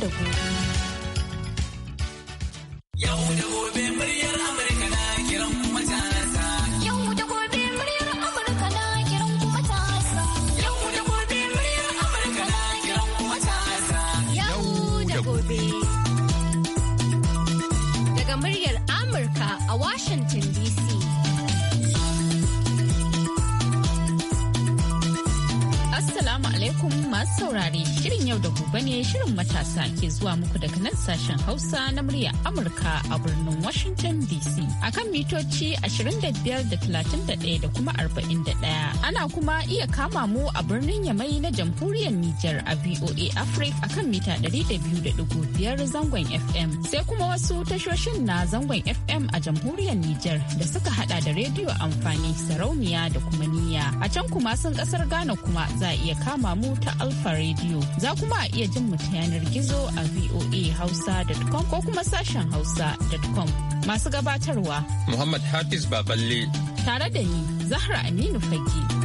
的。shirin matasa ke zuwa muku daga nan sashen Hausa na murya Amurka a birnin Washington DC a kan mitoci 25.31 da da kuma 41. Ana kuma iya kama mu a birnin Yamai na jamhuriyar Nijar a VOA Africa a kan mita 200.5 zangon FM. Sai kuma wasu tashoshin na zangon FM a jamhuriyar Nijar da suka hada da rediyo amfani sarauniya da kuma niya A can kuma sun kasar Ghana kuma za a iya kama mu ta Alfa Radio. Za kuma a iya jin mu ta yanar gizo a voahausa.com ko kuma sashen hausa.com. Masu gabatarwa. Muhammad Hafiz Baballe. Tare da ni, Zahra Aminu Fage.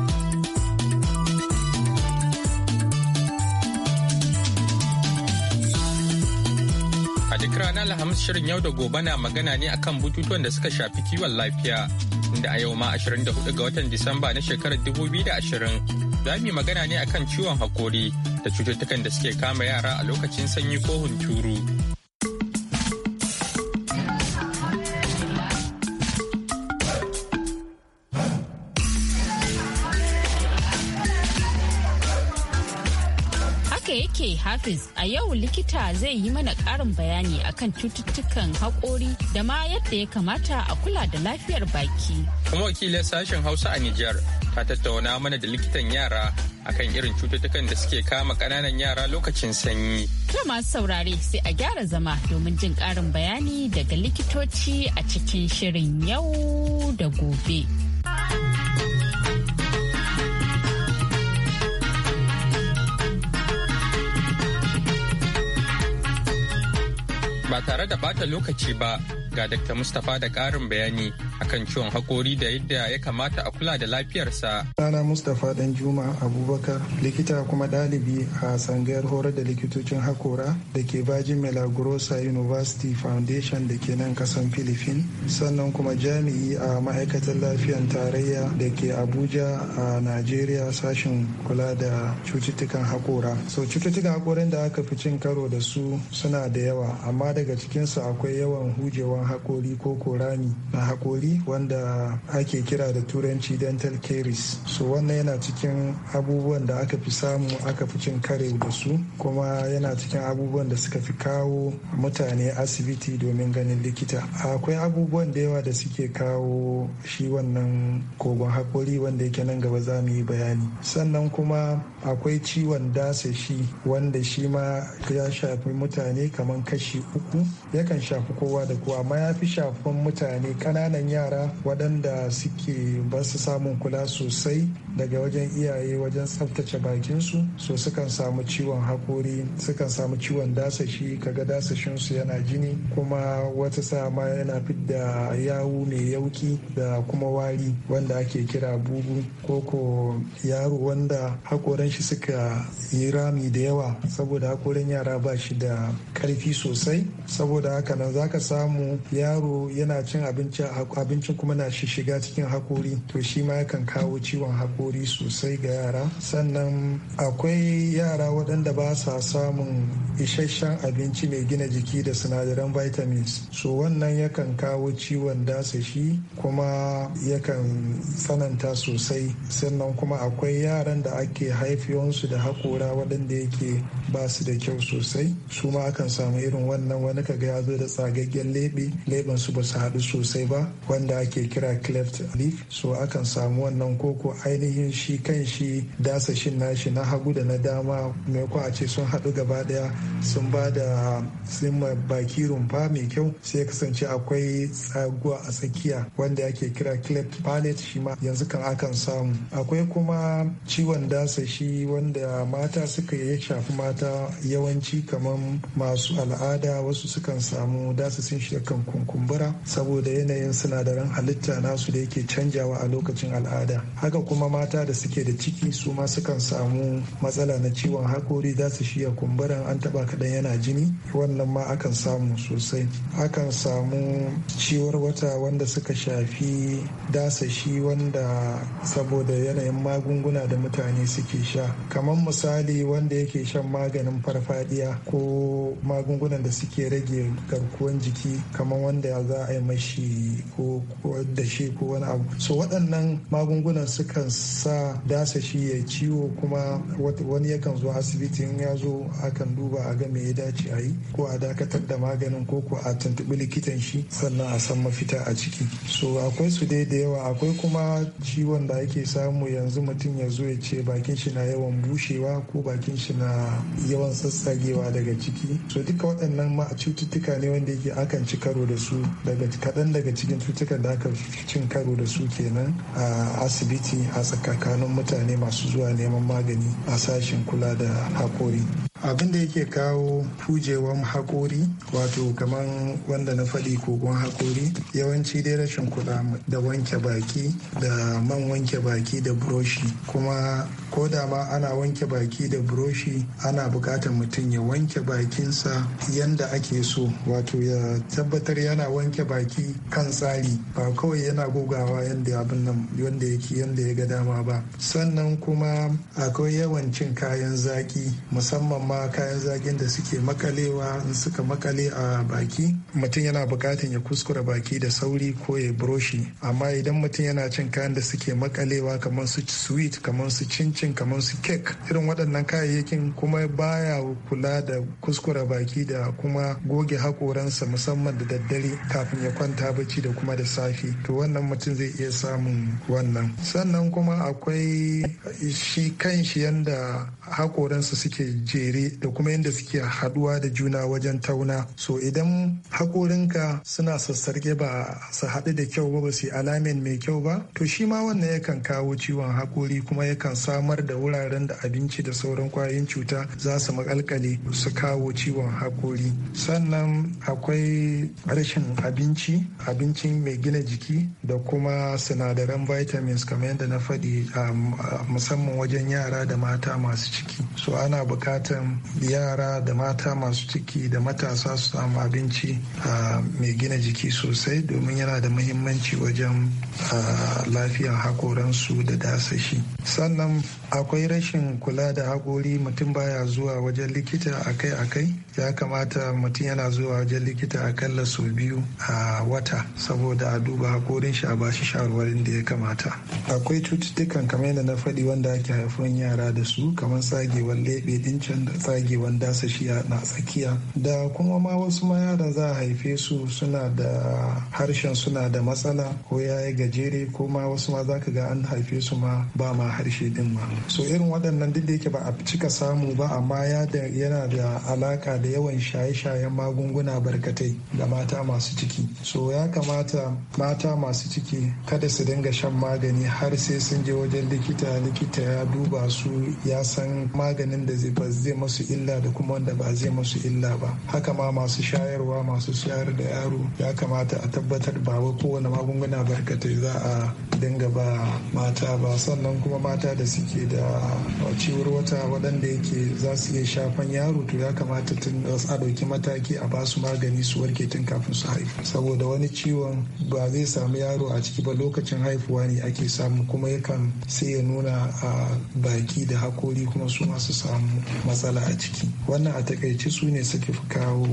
duk ranar Alhamis shirin yau da gobe na magana ne akan bututun da suka shafi kiwon lafiya inda a yau ma 24 ga watan Disamba na shekarar 2020 za mu yi magana ne akan ciwon hakori da cututtukan da suke kama yara a lokacin sanyi ko hunturu. Hafiz a yau likita zai yi mana karin bayani akan cututtukan haƙori da ma yadda ya kamata a kula da lafiyar baki. Kuma wakilin sashen Hausa a Nijar ta tattauna mana da likitan yara akan irin cututtukan da suke kama ƙananan yara lokacin sanyi. To masu saurare sai a gyara zama domin jin karin bayani daga likitoci a cikin shirin yau da gobe. ba tare da bata lokaci ba ga Dr. Mustapha da ƙarin bayani akan ciwon hakori da yadda ya kamata a kula da lafiyarsa. Sana Mustapha Dan Juma Abubakar likita kuma ɗalibi a sangayar horar da likitocin hakora da ke Bajin Milagrosa University Foundation da ke nan kasan Filifin sannan kuma jami'i a ma'aikatan lafiyar tarayya da ke Abuja a Najeriya sashen kula da cututtukan hakora. Sau cututtukan hakorin da aka fi cin karo da su suna da yawa amma daga cikinsu akwai yawan hujewan hakori ko korami na hakori wanda ake kira da turanci dental caries so wannan yana cikin abubuwan da aka fi samu aka fi cin kare da su kuma yana cikin abubuwan da suka fi kawo mutane asibiti domin ganin likita akwai abubuwan da yawa da suke kawo shi wannan kogon hakori wanda yake nan gaba za mu yi bayani sannan kuma akwai ciwon dasashi wanda shi ma ya shafi mutane kamar kashi uku yakan shafi kowa da kowa amma ya fi shafan mutane ƙananan yara yara waɗanda suke ba su samun kula sosai daga wajen iyaye wajen tsaftace bakinsu so sukan samu ciwon hakori sukan samu ciwon dasashi kaga dasashinsu yana jini kuma wata sama yana fidda yawu mai yauki da kuma wari wanda ake kira bugu koko yaro wanda hakoran shi suka yi rami da yawa saboda hakoran yara ba shi da karfi sosai saboda haka nan zaka samu yaro yana cin abinci a abincin kuma na shiga cikin hakori to shi ma yakan kawo ciwon hakori sosai ga yara sannan akwai yara waɗanda ba sa samun isasshen abinci mai gina jiki da sinadaran vitamins so wannan yakan kawo ciwon dasashi kuma yakan tsananta sosai sannan kuma akwai yaran da ake haifiyonsu da hakora waɗanda yake ba su da kyau sosai su ma akan samu irin wannan wani kaga ya zo da tsagaggen leɓe leɓen su ba su haɗu sosai ba wanda ake kira cleft leaf so akan samu wannan koko ainihin shi kan shi dasashin nashi na hagu da na dama mai ko a ce sun haɗu gaba daya sun ba da sima baki rumfa mai kyau sai kasance akwai tsaguwa a tsakiya wanda ake kira cleft palate shi ma yanzu kan akan samu akwai kuma ciwon dasashi wanda mata suka ya shafi mata yawanci kamar masu al'ada wasu sukan samu dasashin shi kan kunkumbura saboda yanayin suna sinadaran halitta nasu da yake canjawa a lokacin al'ada haka kuma mata da suke da ciki su ma sukan samu matsala na ciwon hakori za su shiya kumburan an taba kaɗan yana jini wannan ma akan samu sosai akan samu ciwar wata wanda suka shafi dasashi wanda saboda yanayin magunguna da mutane suke sha kamar misali wanda yake shan maganin farfadiya ko magungunan da suke rage garkuwan jiki kamar wanda za a yi mashi ko ko da shi ko wani abu so waɗannan magungunan sukan sa dasa shi ya ciwo kuma wani yakan zo asibiti in ya zo akan duba a ga me ya dace a yi ko a dakatar da maganin ko ko a tuntuɓi likitan shi sannan a san mafita a ciki so akwai su dai da yawa akwai kuma ciwon da ake samu yanzu mutum ya zo ya ce bakin shi na yawan bushewa ko bakin shi na yawan sassagewa daga ciki so duka waɗannan ma cututtuka ne wanda yake akan ci karo da su daga kaɗan daga cikin cututtuka suka da aka cin karo da su kenan a asibiti a tsakanin mutane masu zuwa neman magani a sashen kula da haƙori abin da yake kawo hujewan hakori wato kamar wanda na faɗi kogon hakori yawanci dai rashin kuɗa da wanke baki da man wanke baki da buroshi kuma ko da ma ana wanke baki da buroshi ana buƙatar mutum ya wanke bakinsa yanda ake so wato ya tabbatar yana wanke baki kan tsari ba kawai yana gogawa yanda abin nan wanda yake yanda ya ga dama ba sannan kuma akwai yawan cin kayan zaki musamman kuma kayan zagin da suke makalewa in suka makale a baki mutum yana bukatan ya kuskura baki da sauri ko ya broshi amma idan mutum yana cin kayan da suke makalewa kamar su sweet kamar su cincin kamar su cake irin waɗannan kayayyakin kuma baya kula da kuskura baki da kuma goge hakoransa musamman da daddare kafin ya kwanta bacci da kuma da safe to wannan mutum zai iya samun wannan sannan kuma akwai shi kan yanda hakoransa suke jere tare da kuma yadda suke haɗuwa da juna wajen tauna so idan haƙorinka suna sassarge ba su haɗu da kyau ba su alamin mai kyau ba to shi ma wannan yakan kawo ciwon haƙori kuma yakan samar da wuraren da abinci da sauran kwayoyin cuta za su makalkale su kawo ciwon haƙori sannan akwai rashin abinci abinci mai gina jiki da kuma sinadaran vitamins kamar yadda na faɗi um, musamman wajen yara da mata masu ciki so ana bukatan yara da mata masu ciki da matasa su samu abinci mai gina jiki sosai domin yana da muhimmanci wajen lafiyar hakoransu da dasashi sannan akwai rashin kula da haƙori mutum baya zuwa wajen likita akai-akai ya kamata mutum yana zuwa wajen likita akalla sau biyu a wata saboda a duba hakorin shi a bashi shawarwarin da ya kamata akwai cututtukan kamar yadda na faɗi wanda ake haifan yara da su kamar tsagewar leɓe dincin da tsagewar dasashi na tsakiya da kuma ma wasu ma yara za a haife su suna da harshen suna da matsala ko ya yi gajere ko ma wasu ma za ka ga an haife su ma ba ma harshe din ma so irin waɗannan duk da yake ba a cika samu ba amma yana da alaka da da yawan shaye-shayen magunguna barkatai ga mata masu ciki so ya kamata mata masu ciki kada su dinga shan magani har sai sun je wajen likita likita ya duba su ya san maganin da zai masu illa da kuma wanda ba zai masu illa ba haka ma masu shayarwa masu shayar da yaro ya kamata a tabbatar ba kowane magunguna barkatai za a dinga ba mata ba sannan kuma mata da suke da ciwar wata waɗanda yake za su iya shafan yaro to ya kamata tun a ɗauki mataki a basu magani su warke tun kafin su haifu saboda wani ciwon ba zai samu yaro a ciki ba lokacin haifuwa ne ake samu kuma yakan sai ya nuna a baki da hakori kuma su masu samu matsala a ciki wannan a takaice su ne suke fi kawo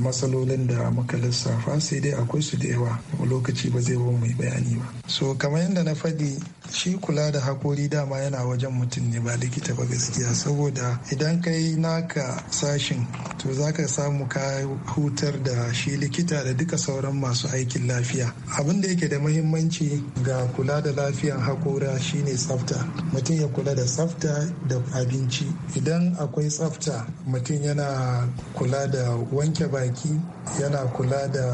matsalolin da muka lissafa sai dai akwai su da yawa lokaci ba zai ba mai bayani ba so kamar yadda na faɗi shi kula da hakori dama yana wajen mutum ne ba likita ba gaskiya saboda idan kai naka sashin to za ka samu ka hutar da shi likita da duka sauran masu aikin lafiya abin da yake da muhimmanci ga kula da lafiyan hakora shine tsafta mutum ya kula da tsafta da abinci idan akwai tsafta mutum yana kula da wanke baki yana kula da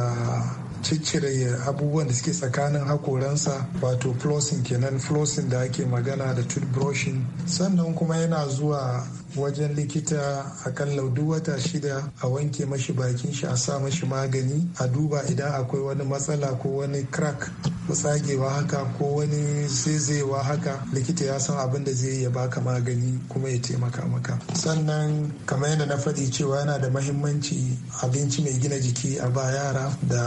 ciccire abubuwan da suke tsakanin hakoransa wato flossing kenan flossing da ake magana da toothbrushing sannan kuma yana zuwa wajen likita akalla laudu wata shida a wanke mashi bakin shi a sa mashi magani a duba idan akwai wani matsala ko wani crack tsagewa haka ko wani zezewa haka likita ya san abin da zai ya baka magani kuma ya taimaka maka sannan kamar yadda na faɗi cewa yana da mahimmanci abinci mai gina jiki a ba yara da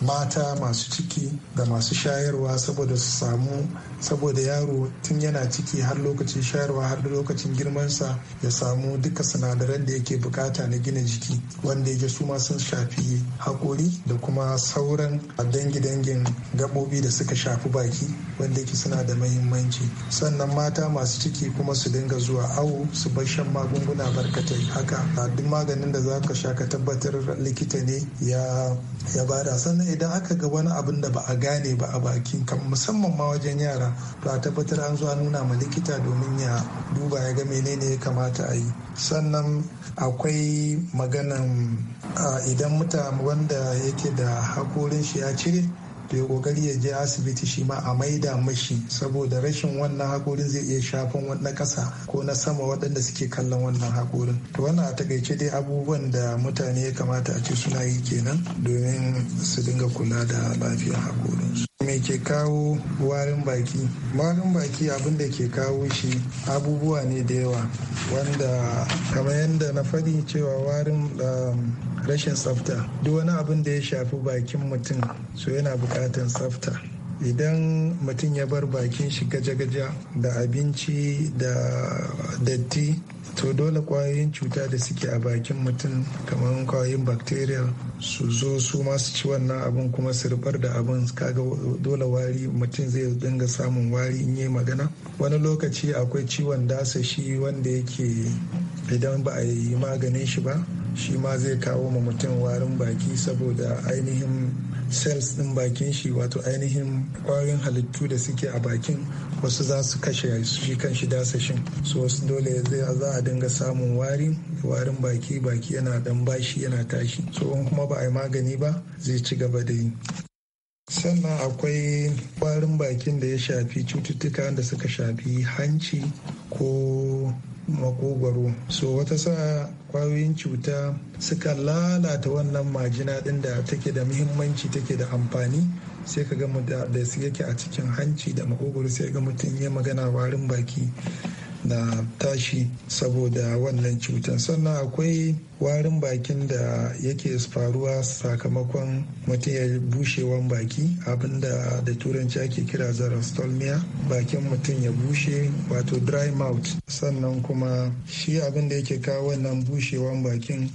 mata masu ciki da masu shayarwa saboda su samu saboda yaro tun yana ciki har lokacin shayarwa har lokacin girman jikinsa ya samu duka sinadaran da yake bukata na gina jiki wanda yake su ma sun shafi hakori da kuma sauran dangi-dangin gaɓoɓi da suka shafi baki wanda yake suna da mahimmanci sannan mata masu ciki kuma su dinga zuwa awo su bar shan magunguna barkatai haka a duk maganin da za ka sha ka tabbatar likita ne ya ya bada sannan idan aka ga wani abin da ba a gane ba a baki musamman ma wajen yara to a tabbatar an zuwa nuna ma likita domin ya duba ya ga menene ne ya kamata a yi sannan akwai maganan idan mutane wanda yake da hakorin shi ya cire to ya kokari ya je asibiti shi ma a maida mashi saboda rashin wannan hakorin zai iya shafan wani ƙasa ko na sama waɗanda suke kallon wannan hakorin to wannan a takaice dai abubuwan da mutane ya kamata a ce suna yi kenan domin su dinga kula da lafiyar hakorinsu Me ke kawo warin baki? Warin baki abin da ke kawo shi abubuwa ne da yawa wanda kamar yadda na faɗi cewa warin um, rashin tsafta duk wani abin da ya shafi bakin mutum so yana bukatan tsafta idan mutum ya bar bakin shi gaja-gaja da abinci da datti to dole kwayoyin cuta da suke a bakin mutum kamar kwayoyin bacteria su zo su masu ci wannan abin kuma su rubar da abin kaga dole wari mutum zai dinga samun wari in yi magana wani lokaci akwai ciwon dasa shi wanda yake idan ba a yi maganin shi ba shi ma zai kawo ma mutum warin baki saboda ainihin cells din bakin shi wato ainihin kwayoyin halittu da suke a bakin wasu za su kashe shi kan shi dasashin su wasu dole za a dinga samun wari warin baki baki yana dan bashi yana tashi so in kuma ba a yi magani ba zai ci gaba da yi sannan akwai kwarin bakin da ya shafi cututtuka da suka shafi hanci ko makogwaro so wata sa kwayoyin cuta suka lalata wannan majina ɗin da take da muhimmanci take da amfani sai ka ga da yake a cikin hanci da makogwaro sai ga mutum ya magana warin baki na tashi saboda wannan cutar sannan akwai warin bakin da yake faruwa sakamakon mutum ya bushewan baki abinda da turanci ake kira zarastolmia bakin mutum ya bushe wato dry mouth sannan kuma shi abinda yake kawo wannan bushewan bakin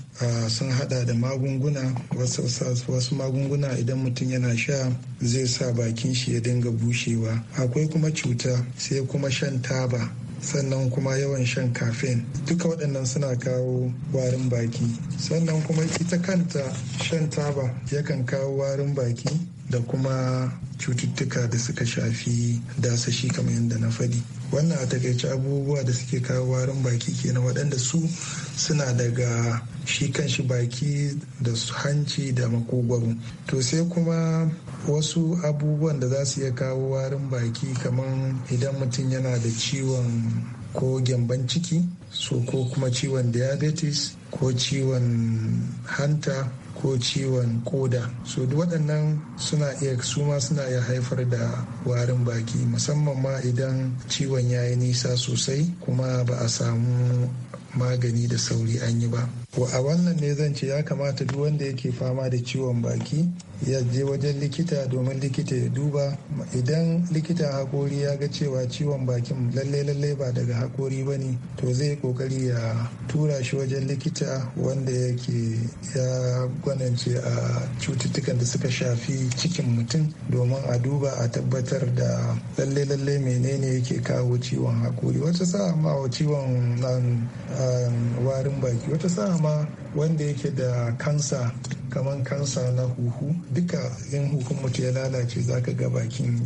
sun hada da magunguna wasu magunguna idan mutum yana sha zai sa bakin shi ya dinga bushewa akwai kuma cuta sai kuma shan taba sannan kuma yawan shan caffeine duka waɗannan suna kawo warin baki sannan kuma ita kanta shan taba yakan kawo warin baki da kuma cututtuka da suka shafi dasashi kamar yadda na faɗi wannan a takaice abubuwa da suke kawo warin baki kenan waɗanda su suna daga shi kan shi baki da hanci da makogwaro to sai kuma wasu abubuwan da za su iya kawo warin baki kamar idan mutum yana da ciwon ko gyamban ciki so ko kuma ciwon diabetes ko ciwon hanta ko ciwon koda so duk waɗannan suna iya su ma suna iya haifar da warin baki musamman ma idan ciwon ya yi nisa sosai kuma ba a samu magani da sauri an yi ba a wannan ne zan ce ya kamata duk wanda yake fama da ciwon baki ya je wajen likita domin likita ya duba idan likitan hakori ya ga cewa ciwon bakin lalle lalle ba daga hakori ba ne to zai kokari ya tura shi wajen likita wanda yake ya gwanance a cututtukan da suka shafi cikin mutum domin a duba a tabbatar da lalle lalle menene yake kawo ciwon hakori wata sa'a ma ciwon um, um, warin baki wata sa'a dama wanda yake da kansa kamar kansa na huhu duka in huhun mutu ya lalace za ka ga bakin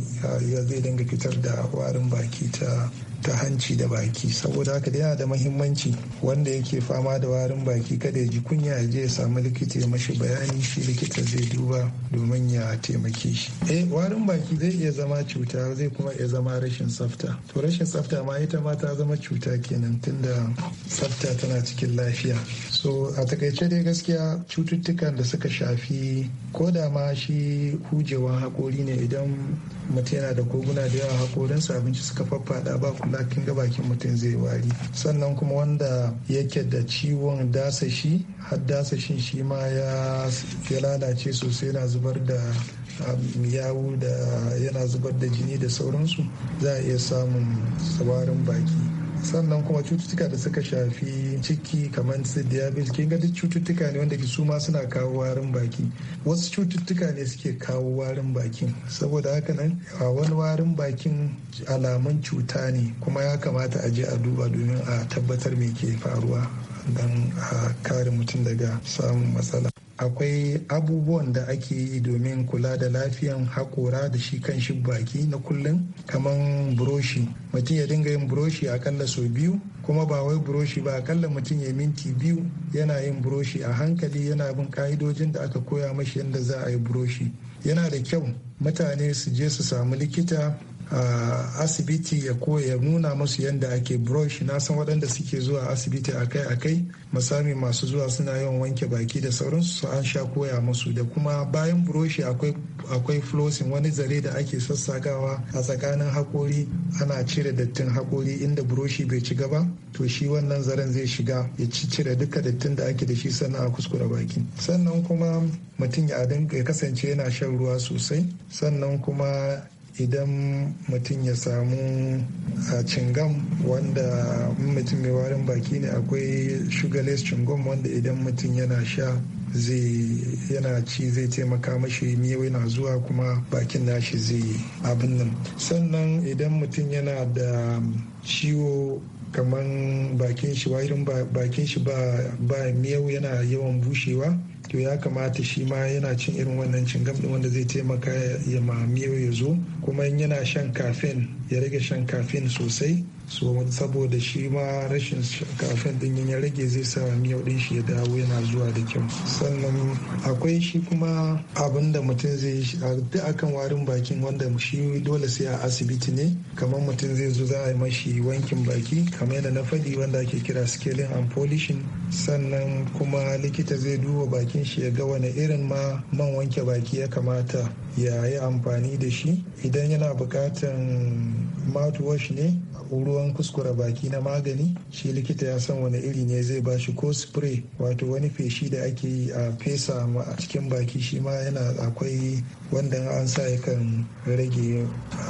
ya zai dinga fitar da warin baki ta ta hanci da baki saboda haka yana da mahimmanci wanda yake fama da warin baki kada ya ji kunya ya je ya samu likita ya mashi bayani shi likita zai duba domin ya taimake shi eh warin baki zai iya zama cuta zai kuma iya zama rashin tsafta to rashin tsafta ma ita ma ta zama cuta kenan tunda tsafta tana cikin lafiya so a takaice dai gaskiya cututtukan da suka suka shafi ko da ma shi hujewan haƙori ne idan mutum yana da koguna da yawa haƙorinsa abinci suka faffada ba kula kin ga bakin mutum zai wari sannan kuma wanda yake da ciwon dasashi har dasashin shi ma ya lalace sosai yana zubar da um, yawu da yana zubar da jini da sauransu za a iya samun tsawarin baki sannan kuma cututtuka da suka shafi ciki kamar su diabetes kin ga duk cututtuka ne wanda su ma suna kawo warin baki wasu cututtuka ne suke kawo warin bakin saboda haka nan a wani warin bakin alamun cuta ne kuma ya kamata a je a duba domin a tabbatar me ke faruwa don a kare mutum daga samun matsala akwai abubuwan da ake yi domin kula da lafiyan haƙora da shi kan shi baki na kullum kamar buroshi mutum ya dinga yin buroshi akalla sau biyu kuma ba wai buroshi ba akalla mutum ya minti biyu yana yin buroshi a hankali yana bin ka'idojin da aka koya mashi yadda za a yi buroshi yana da kyau mutane su je su samu likita asibiti ya koya ya nuna musu yadda ake brush na san waɗanda suke zuwa asibiti akai-akai misali masu zuwa suna yawan wanke baki da sauransu su an sha koya musu da kuma bayan buroshi akwai flossing wani zare da ake sassagawa a tsakanin haƙori ana cire dattin haƙori inda buroshi bai ci gaba to shi wannan zaren zai shiga ya cire duka dattin da ake da shi sannan a kuskure baki sannan kuma mutum ya kasance yana shan ruwa sosai sannan kuma idan mutum ya samu a ah, cingam wanda mutum mai warin baki ne akwai sugarless cingam wanda idan mutum yana sha zai yana ci zai taimaka mashi miyawai yana zuwa kuma bakin nashi zai abin nan sannan idan mutum yana da ciwo kamar bakin shi bakin shi ba miyau yana yawan bushewa to ya kamata shi ma yana cin irin wannan cingam din wanda zai taimaka ya mamiyo ya zo kuma in yana shan kafin ya rage shan kafin sosai so saboda shi ma rashin kafin din ya rage zai sa miyau din shi ya dawo yana zuwa da kyau sannan akwai shi kuma abin da mutum zai duk akan warin bakin wanda shi dole sai a asibiti ne kamar mutum zai zo za a yi mashi wankin baki kamar yadda na faɗi wanda ake kira scaling and polishing sannan kuma likita zai duba bakin shi ya ga wani irin ma man wanke baki ya kamata ya yi amfani da shi idan yana buƙatan mouthwash ne ruwan kuskura baki na magani shi likita ya san wani iri ne zai bashi ko spray wato wani feshi da ake yi a fesa a cikin baki shi ma yana akwai wanda an sa yakan rage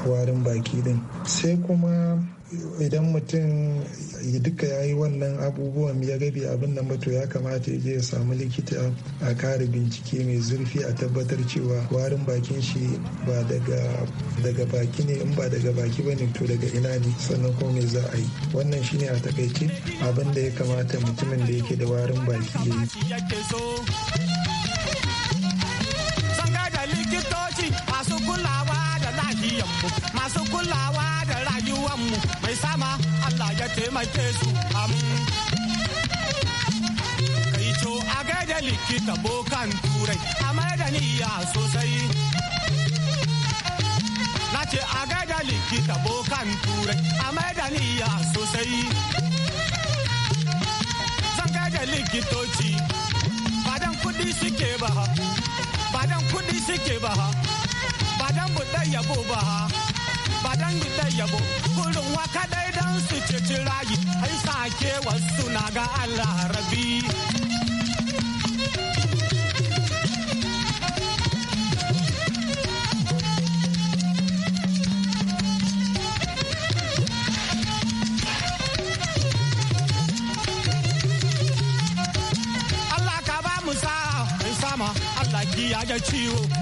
warin baki din sai kuma idan mutum ya duka ya yi wannan abubuwan ya gabi abin da mato ya kamata ya je ya samu likita a kare bincike mai zurfi a tabbatar cewa warin bakin shi ba daga baki ne in ba daga baki ba ne to daga ina ne sannan ko me za a yi wannan shi ne a takaice abin da ya kamata mutumin da yake da warin baki ya yi masu kulawa mu mai sama Allah ya taimake su kai to a gaida likita bokan turai a da niyya sosai na ce a gaida likita bokan turai a da niyya sosai zan gaida likitoci badan kudi suke ba badan kudi suke ba badan buɗe yabo ba ba dan ta yabo kurin waka dai dan su ceci rayu ai sake wasu na ga Allah rabi Allah ka ba mu sa sama Allah ki ya ciwo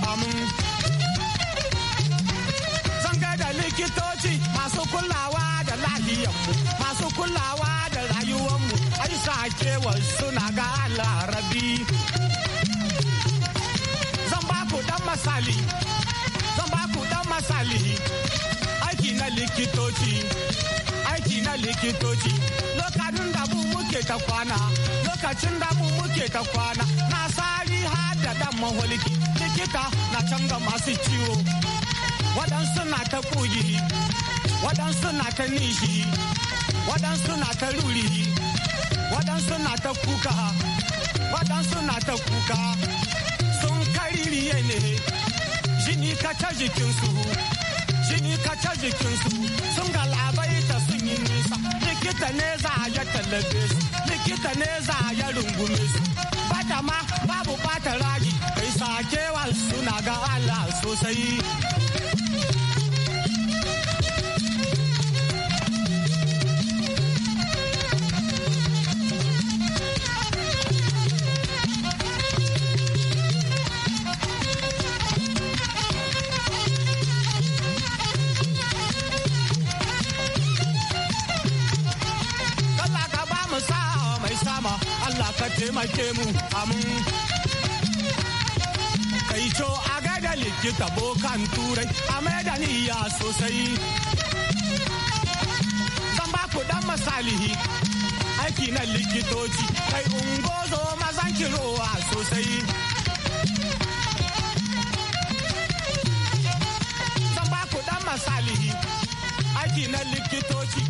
wasu suna ga larabi zan ba ku dan masali zan ba ku dan masali aiki na likitoci aiki na likitoci lokacin da mu muke ta kwana lokacin da mu muke ta kwana na sari har da dan maholiki likita na canza masu ciwo waɗansu na ta ƙugi waɗansu na ta nishi waɗansu na ta ruri waɗansu na ta kuka waɗansu na ta kuka sun kaririye ne jini ka ta jikinsu jini ka jikinsu sun ta sun yi nisa likita ne za a ya talabe su likita ne za a ya rungume bata ma babu bata ragi kai sakewa suna ga Allah sosai taimake mu amu kai co a gada likita bokan turai a maida niyya sosai zan ba ku dan misalihi aiki na likitoci kai ungozo mazan kirowa sosai zan ba ku dan misalihi aiki na likitoci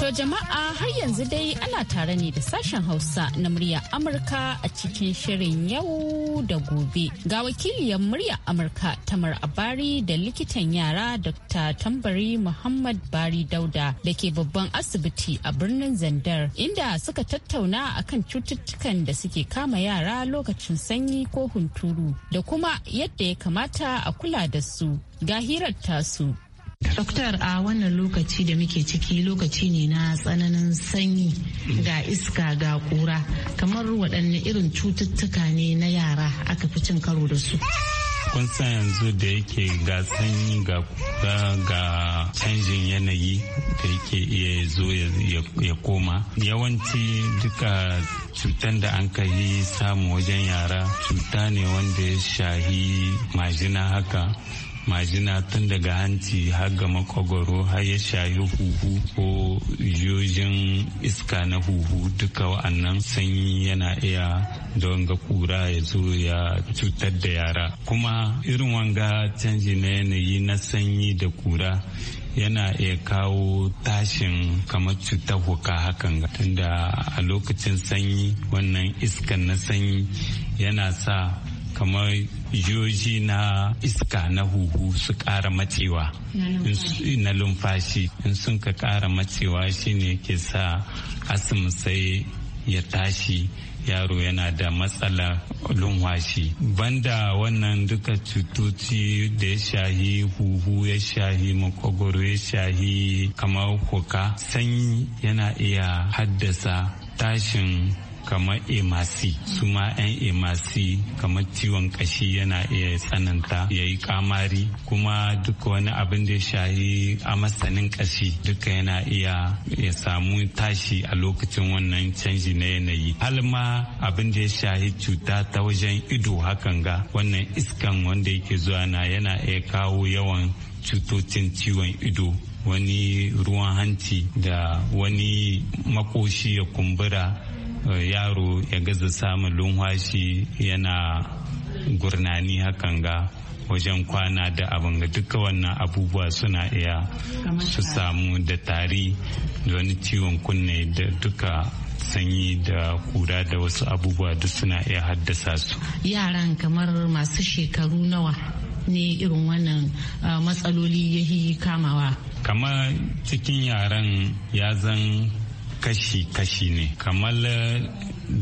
To jama'a har yanzu dai ana tare ne da sashen Hausa na murya Amurka a cikin shirin yau da gobe. Ga wakiliyar murya Amurka Tamar Abari da likitan yara Dr. Tambari Muhammad Bari Dauda da ke babban asibiti a birnin Zandar inda suka tattauna akan cututtukan da suke kama yara lokacin sanyi ko hunturu da kuma yadda ya kamata a kula da su. Ga hirar tasu. Doktor a wannan lokaci da muke ciki lokaci ne na tsananin sanyi ga iska ga kura kamar waɗanne irin cututtuka ne na yara aka fi cin karo da su. kun yanzu da yake ga sanyi ga ga canjin yanayi da yake iya zo ya koma yawanci duka cutan da an yi samu wajen yara cuta ne wanda ya shahi majina haka majina tun daga hanci har ga makogoro har ya shayi huhu ko jojin iska na huhu duka wa'annan sanyi yana iya da ga kura ya zo ya cutar da yara kuma irin wanga canji na yanayi na sanyi da kura yana iya kawo tashin kamar cutar huka hakan ga. tunda a lokacin sanyi wannan iskan na sanyi yana sa kamar joji na iska na huhu su kara matsewa na lumfashi in sun ka kara matsewa shine ke sa asim sai ya tashi yaro yana da matsala lumfashi banda wannan duka cutoci da ya shahi huhu ya shahi makogoro ya shahi kamar kuka sanyi yana iya haddasa tashin kamar emasi su ma 'yan emasi kamar ciwon kashi yana iya tsananta ya yi kamari kuma duk wani abin da ya shahi masanin kashi duka yana iya ya samu tashi a lokacin wannan canji na yanayi har ma abin da ya shahi cuta ta wajen ido hakan ga wannan iskan wanda yake zuwa na yana iya kawo yawan cutocin ciwon ido wani ruwan hanci da wani makoshi ya kumbura Eh, yaro ya gaza samun lunwashi yana gurnani hakan ga wajen kwana da abin ga duka wannan abubuwa suna iya su samu da tari da wani ciwon kunne da duka sanyi da kura da wasu abubuwa duk suna iya haddasa su yaran kamar masu shekaru nawa ne irin wannan eh, matsaloli ya kamawa Kamar cikin yaran ya zan kashi-kashi ne kamar eh,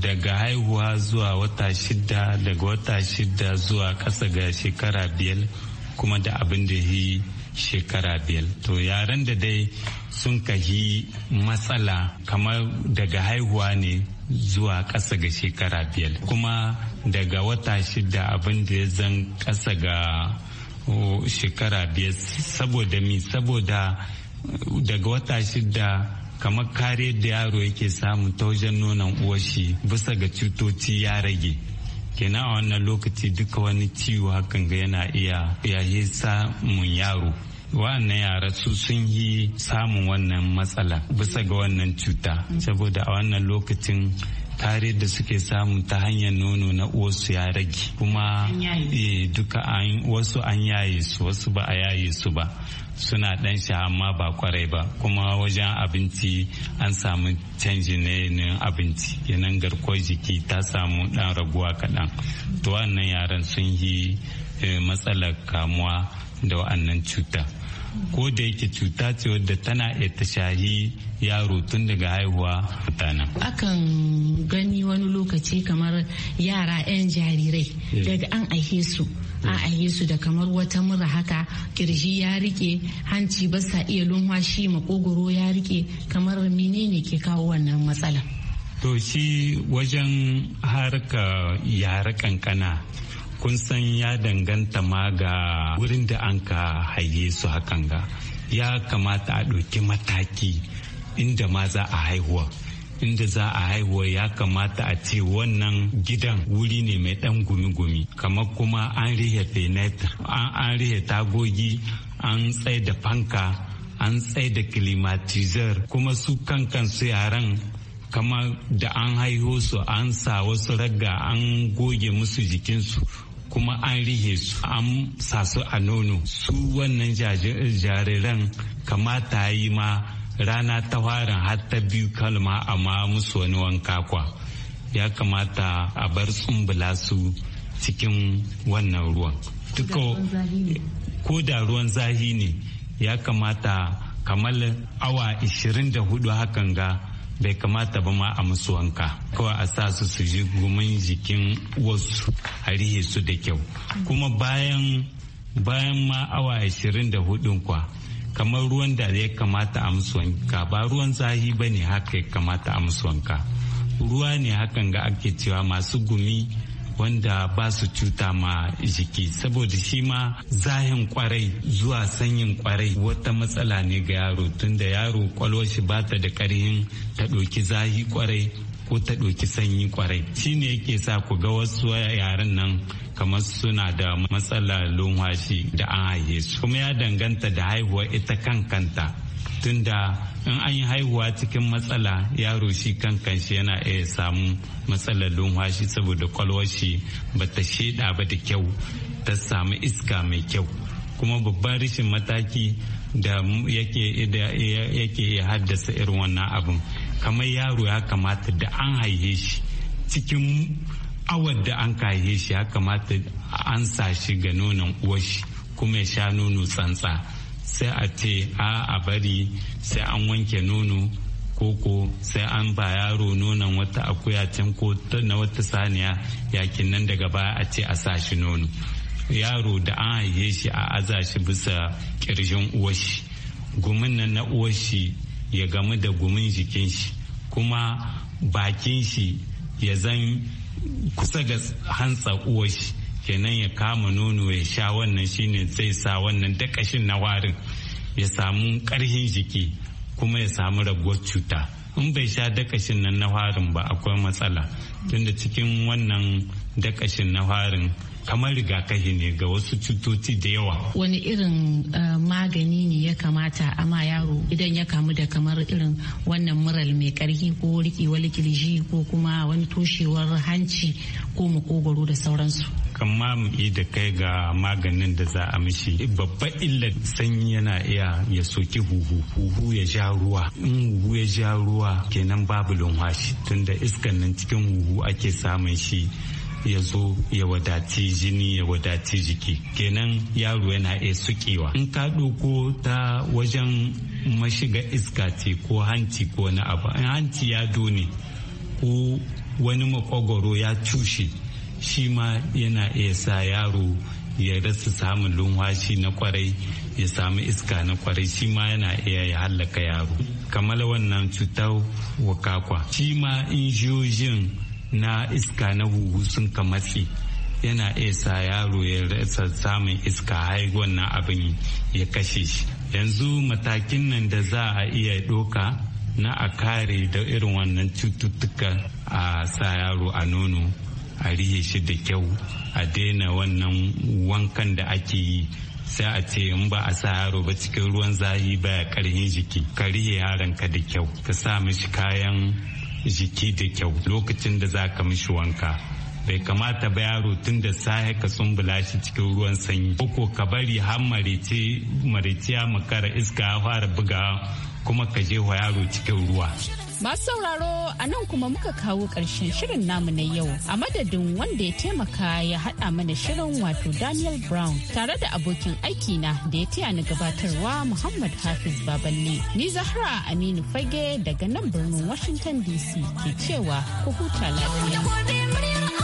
daga haihuwa zuwa wata shida daga wata shida zuwa ƙasa ga shekara biyar kuma da abin da yi shekara biyar to yaren da dai sun kahi matsala kamar daga haihuwa ne zuwa ƙasa ga shekara biyar kuma daga wata shida abin da ya zan ƙasa ga shekara biyar saboda mi saboda eh, daga wata shida kamar kare da yaro yake samu ta wajen nonon uwashi bisa ga cutoci ya rage kenan a wannan lokaci duka wani ciwo hakan ga yana iya yaye samun yaro wannan yara su sun yi samun wannan matsala bisa ga wannan cuta saboda a wannan lokacin kare da suke samu ta hanyar nono na uwarsu ya rage kuma eh, duka wasu an yaye su wasu ba a yaye su ba suna ɗan sha amma ba kwarai ba kuma wajen abinci an samu canji na yanayin abinci yanan garkuwar jiki ta samu dan raguwa kaɗan to wannan yaran sun yi eh, matsalar kamuwa da wa'annan cuta ko da yake cuta ce wadda tana ita ta shahi yaro tun daga haihuwa mutanen. akan gani wani lokaci kamar yara 'yan jarirai eh. daga an aihe su an eh. aihe su da kamar wata mura haka kirji ya rike hanci ba sa iya lumwashi makogoro ya rike kamar menene ke kawo wannan matsala to shi wajen harka yara kankana kun san ya danganta ma ga wurin da an ka haye su hakan ga ya kamata a ɗauki mataki inda ma za a haihuwa inda za a haihuwa ya kamata a ce wannan gidan wuri ne mai ɗan gumi-gumi kamar kuma an rihe fenata an rihe tagogi an tsaye da fanka an tsaye da climatizer kuma su kankan su yaran kamar da an haiho su an sa wasu ragga an goge musu jikinsu kuma an rihe su an sasu a nono su wannan jariran kamata yi ma rana ta farin har ta biyu kalma amma musu wani wanka kwa ya kamata a bar tsumbula su cikin wannan ruwan ko da ruwan zahi ne ya kamata kamar awa 24 hakan ga bai kamata ba ma a musu wanka kawai a sa su su ji gumin jikin wasu a su da kyau kuma bayan bayan ma awa ashirin da hudun kwa kamar ruwan da ya kamata a musu wanka ba ruwan zahi ba ne haka ya kamata a musu wanka ruwa ne hakan ga ake cewa masu gumi wanda ba su cuta ma jiki saboda shi ma zahin kwarai zuwa sanyin kwarai wata matsala ne ga yaro tunda yaro kwalwashi shi ba ta da karhin ta ɗauki zahi kwarai ko ta ɗauki sanyi kwarai shi ne yake sa ku ga wasu yaren nan kamar suna da matsala lumwashi da an haihe su kuma ya danganta da haihuwa ita kan kanta tunda in an yi haihuwa cikin matsala yaro shi kankan shi yana iya samu matsalar lumhashi saboda kwalwar shi ba ta sheda ba da kyau ta samu iska mai kyau kuma babban rashin mataki da yake iya haddasa irin wannan abin kamar yaro ya kamata da an haihe shi cikin awar da an haihe shi ya kamata an sa shi ga nonon uwashi kuma ya sha nono tsantsa sai a ce a a bari sai an wanke nono koko sai an ba yaro nonon wata akuya can ko na wata saniya yakin nan daga baya a ce a sa shi nono yaro da an haife shi a aza shi bisa kirjin uwashi gumin nan na uwashi ya gamu da gumin jikin shi kuma bakin shi ya zan kusa ga hantsa uwashi kenan ya kama nono ya sha wannan shine zai sa wannan dakashin na warin ya samu karhin jiki kuma ya samu raguwar cuta in bai sha dakashin nan na warin ba akwai matsala tunda cikin wannan dakashin na warin kamar rigakafi ne ga wasu cutoci da yawa. Wani irin eh, magani ne ya kamata ama yaro idan ya kamu da kamar irin wannan mural mai karfi ko rikewar kirji ko kuma wani toshewar hanci ko makogoro da sauransu. ma mu yi da kai ga maganin da za a mishi babban illar sanyi yana iya ya soki huhu huhu ya ja ruwa in huhu ya ja ruwa kenan babu lumhashi tunda iskan nan cikin huhu ake samun shi ya zo ya wadaci jini ya wadaci jiki kenan yaro yana iya sukewa in ka ɗauko ta wajen mashiga iska ce ko hanci ko na abu hanci ya done ko wani makogoro ya cushe shi ma yana iya sa yaro ya rasa samun lunwashi na kwarai ya samu iska na kwarai shi ma yana iya ya hallaka yaro kamar wannan cutar wakakwa shi ma injiyojin na iska na huhu sun kamatsi yana iya sa yaro ya rasa samun iska hai wannan abin ya kashe shi yanzu matakin nan da za a iya doka na a kare da irin wannan cututtuka a sa yaro a nono a riye shi da kyau a daina wannan wankan da ake yi sai a ce in ba a sa yaro ba cikin ruwan zahi ya karhin jiki ka rihe ka da kyau ka sa mishi kayan jiki da kyau lokacin da za ka mishi wanka bai kamata ba yaro tun da sahe ka tsumbula shi cikin ruwan sanyi ko ka bari har marici ya makara iska ya fara buga kuma ka je wa yaro cikin ruwa Masu sauraro a nan kuma muka kawo ƙarshen shirin namu na yau a madadin wanda ya taimaka ya haɗa mana shirin wato Daniel Brown tare da abokin aiki na da ya taya ni gabatarwa Muhammad Hafiz Baballe. Ni Zahra Aminu Fage daga nan birnin Washington DC ke cewa ku huta lafiya.